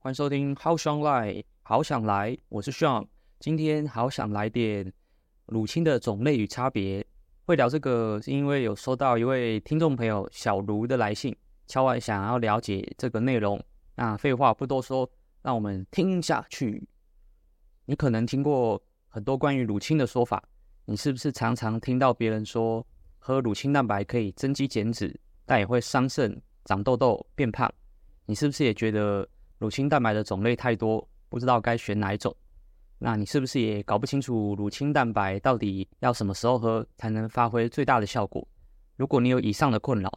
歡迎收聽《好想來》，好想來，我是 Shawn。今天好想來點乳清的種類與差別。會聊這個是因為有收到一位聽眾朋友小盧的來信，敲碗想要了解這個內容。那廢話不多說，讓我們聽下去。你可能聽過很多關於乳清的說法，你是不是常常聽到別人說，喝乳清蛋白可以增肌減脂，但也會傷腎、長痘痘、變胖？你是不是也覺得？乳清蛋白的種類太多，不知道該選哪一種？那你是不是也搞不清楚乳清蛋白到底要什麼時候喝，才能發揮最大的效果？如果你有以上的困擾，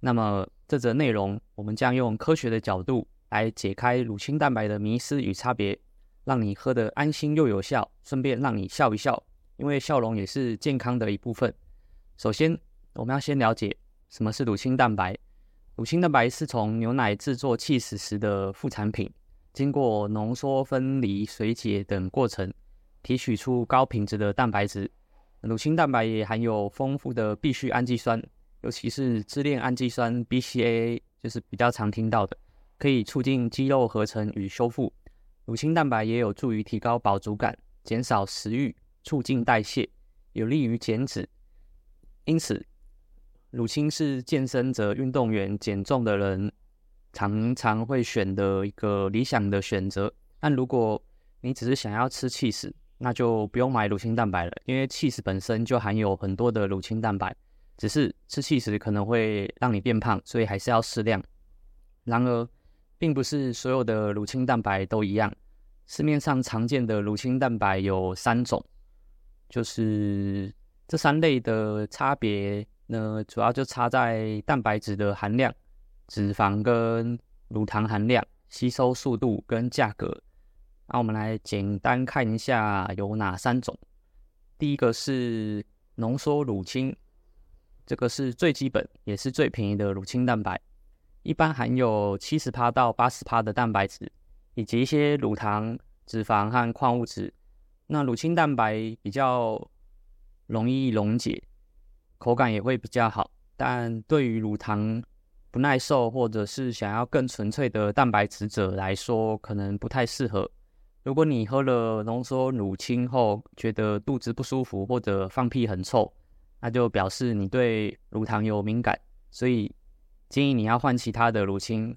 那麼這則內容我們將用科學的角度來解開乳清蛋白的迷思與差別，讓你喝得安心又有效，順便讓你笑一笑，因為笑容也是健康的一部分。首先，我們要先了解什麼是乳清蛋白。乳清蛋白是從牛奶製作起司時的副產品，經過濃縮、分離、水解等過程，提取出高品質的蛋白質。乳清蛋白也含有豐富的必需氨基酸，尤其是支鏈氨基酸 BCAA，就是比較常聽到的，可以促進肌肉合成與修復。乳清蛋白也有助於提高飽足感，減少食欲，促進代謝，有利於減脂。因此，乳清是健身者、運動員、減重的人常常會選的一個理想的選擇。但如果你只是想要吃起司，那就不用買乳清蛋白了，因為起司本身就含有很多的乳清蛋白。只是吃起司可能會讓你變胖，所以還是要適量。然而，並不是所有的乳清蛋白都一樣。市面上常見的乳清蛋白有三種，就是這三類的差別。那主要就差在蛋白質的含量、脂肪跟乳糖含量、吸收速度跟價格。那我們來簡單看一下有哪三種。第一個是濃縮乳清，這個是最基本也是最便宜的乳清蛋白，一般含有七十趴到八十趴的蛋白質，以及一些乳糖、脂肪和礦物質。那乳清蛋白比較容易溶解。口感也會比較好，但對於乳糖不耐受或者是想要更純粹的蛋白質者來說，可能不太適合。如果你喝了濃縮乳清後，覺得肚子不舒服或者放屁很臭，那就表示你對乳糖有敏感，所以建議你要換其他的乳清，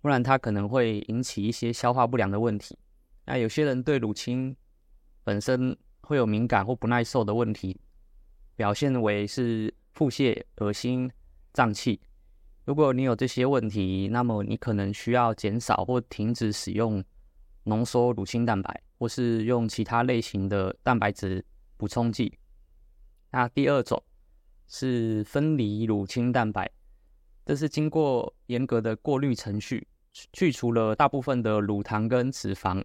不然它可能會引起一些消化不良的問題。那有些人對乳清本身會有敏感或不耐受的問題。表現為是腹瀉、噁心、脹氣。如果你有這些問題，那麼你可能需要減少或停止使用濃縮乳清蛋白，或是用其他類型的蛋白質補充劑。那第二種是分離乳清蛋白，這是經過嚴格的過濾程序，去除了大部分的乳糖跟脂肪，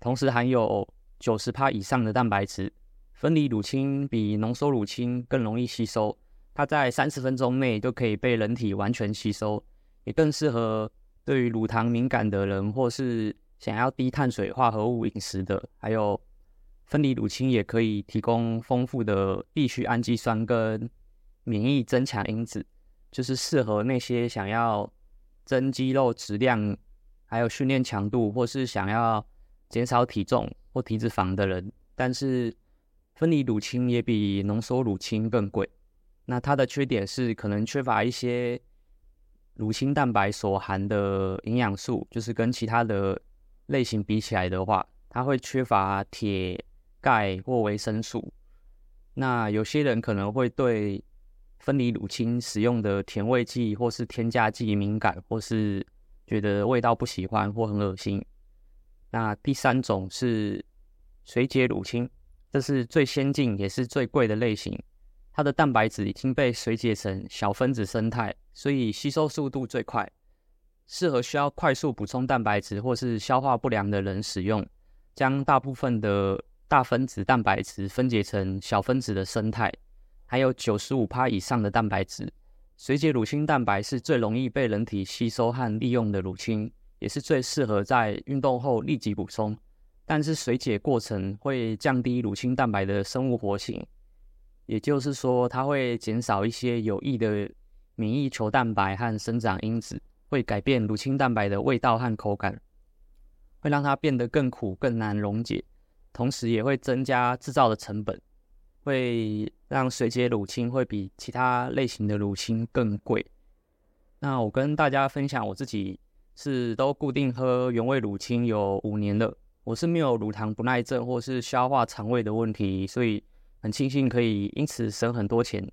同時含有90%以上的蛋白質。分離乳清比濃縮乳清更容易吸收，它在三十分鐘內都可以被人體完全吸收，也更適合對於乳糖敏感的人，或是想要低碳水化合物飲食的。還有，分離乳清也可以提供豐富的必需氨基酸跟免疫增強因子，就是適合那些想要增肌肉質量，還有訓練強度，或是想要減少體重或體脂肪的人。但是。分離乳清也比濃縮乳清更貴，那它的缺點是可能缺乏一些乳清蛋白所含的營養素，就是跟其他的類型比起來的話，它會缺乏鐵、鈣或維生素。那有些人可能會對分離乳清使用的甜味劑或是添加劑敏感，或是覺得味道不喜歡或很噁心。那第三種是水解乳清。這是最先進也是最貴的類型，它的蛋白質已經被水解成小分子胜肽，所以吸收速度最快，適合需要快速補充蛋白質或是消化不良的人使用。將大部分的大分子蛋白質分解成小分子的胜肽，還有95%以上的蛋白質。水解乳清蛋白是最容易被人體吸收和利用的乳清，也是最適合在運動後立即補充。但是水解過程會降低乳清蛋白的生物活性，也就是說，它會減少一些有益的免疫球蛋白和生長因子，會改變乳清蛋白的味道和口感，會讓它變得更苦、更難溶解，同時也會增加制造的成本，會讓水解乳清會比其他類型的乳清更貴。那我跟大家分享，我自己是都固定喝原味乳清有五年了。我是沒有乳糖不耐症或是消化腸胃的問題，所以很慶幸可以因此省很多錢。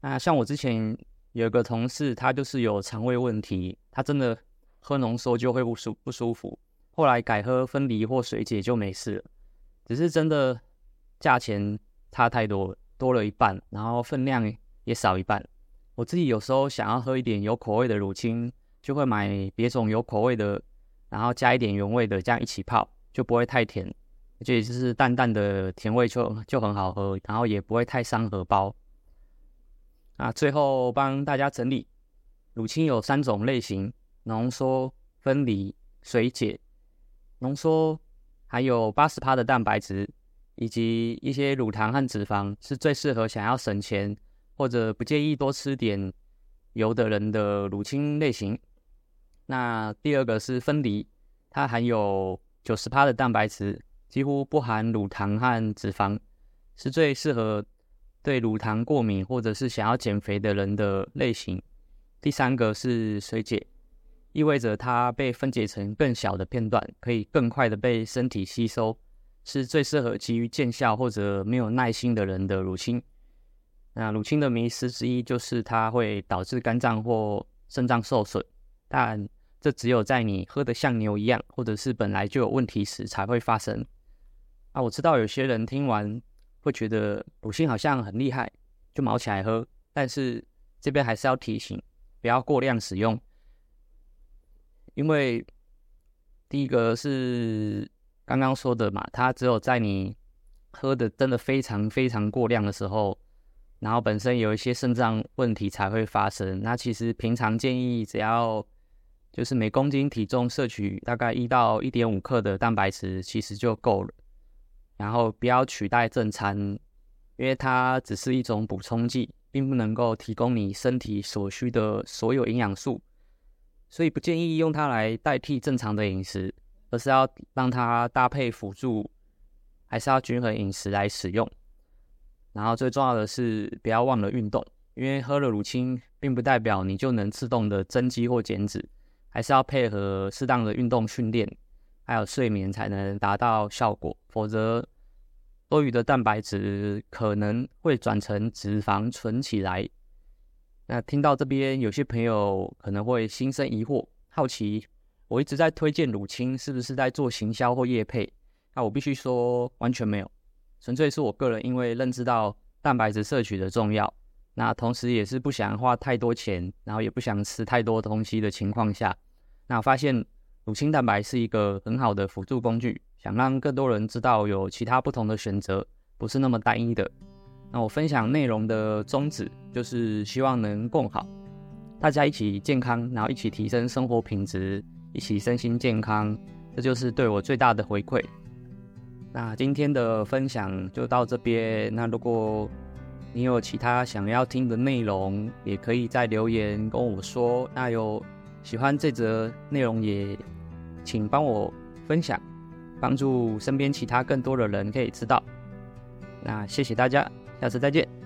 那像我之前有個同事，他就是有腸胃問題，他真的喝濃縮就會不舒不舒服，後來改喝分離或水解就沒事了。只是真的價錢差太多了，多了一半，然後分量也少一半。我自己有時候想要喝一點有口味的乳清，就會買別種有口味的，然後加一點原味的，這樣一起泡，就不會太甜，而且就是淡淡的甜味就就很好喝，然後也不會太傷荷包。那最後幫大家整理，乳清有三種類型：濃縮、分離、水解。濃縮含有八十趴的蛋白質以及一些乳糖和脂肪，是最適合想要省錢或者不介意多吃點油的人的乳清類型。那第二個是分離，它含有。九十趴的蛋白質，幾乎不含乳糖和脂肪，是最適合對乳糖過敏或者是想要減肥的人的類型。第三個是水解，意味着它被分解成更小的片段，可以更快的被身體吸收，是最適合急於見效或者沒有耐心的人的乳清。那乳清的迷思之一就是它會導致肝臟或腎臟受損，但這只有在你喝的像牛一樣，或者是本來就有問題時才會發生。啊，我知道有些人聽完會覺得乳清好像很厲害，就卯起來喝。但是這邊還是要提醒，不要過量使用，因為第一個是剛剛說的嘛，它只有在你喝的真的非常非常過量的時候，然後本身有一些腎臟問題才會發生。那其實平常建議只要。就是每公斤體重攝取大概一到一點五克的蛋白質其實就夠了，然後不要取代正餐，因為它只是一種補充劑，並不能夠提供你身體所需的所有營養素，所以不建議用它來代替正常的飲食，而是要讓它搭配輔助，還是要均衡飲食來使用，然後最重要的是不要忘了運動，因為喝了乳清並不代表你就能自動的增肌或減脂。還是要配合適當的運動訓練，還有睡眠才能達到效果，否則多餘的蛋白質可能會轉成脂肪存起來。那聽到這邊有些朋友可能會心生疑惑、好奇，我一直在推薦乳清，是不是在做行銷或業配？那我必須說完全沒有，純粹是我個人因為認知到蛋白質攝取的重要。那同時也是不想花太多錢，然後也不想吃太多東西的情況下，那我發現乳清蛋白是一個很好的輔助工具，想讓更多人知道有其他不同的選擇，不是那麼單一的。那我分享內容的宗旨就是希望能共好，大家一起健康，然後一起提升生活品質，一起身心健康，這就是對我最大的回饋。那今天的分享就到這邊。那如果你有其他想要聽的內容，也可以在留言跟我說。那有喜歡這則內容，也請幫我分享，幫助身邊其他更多的人可以知道。那謝謝大家，下次再見。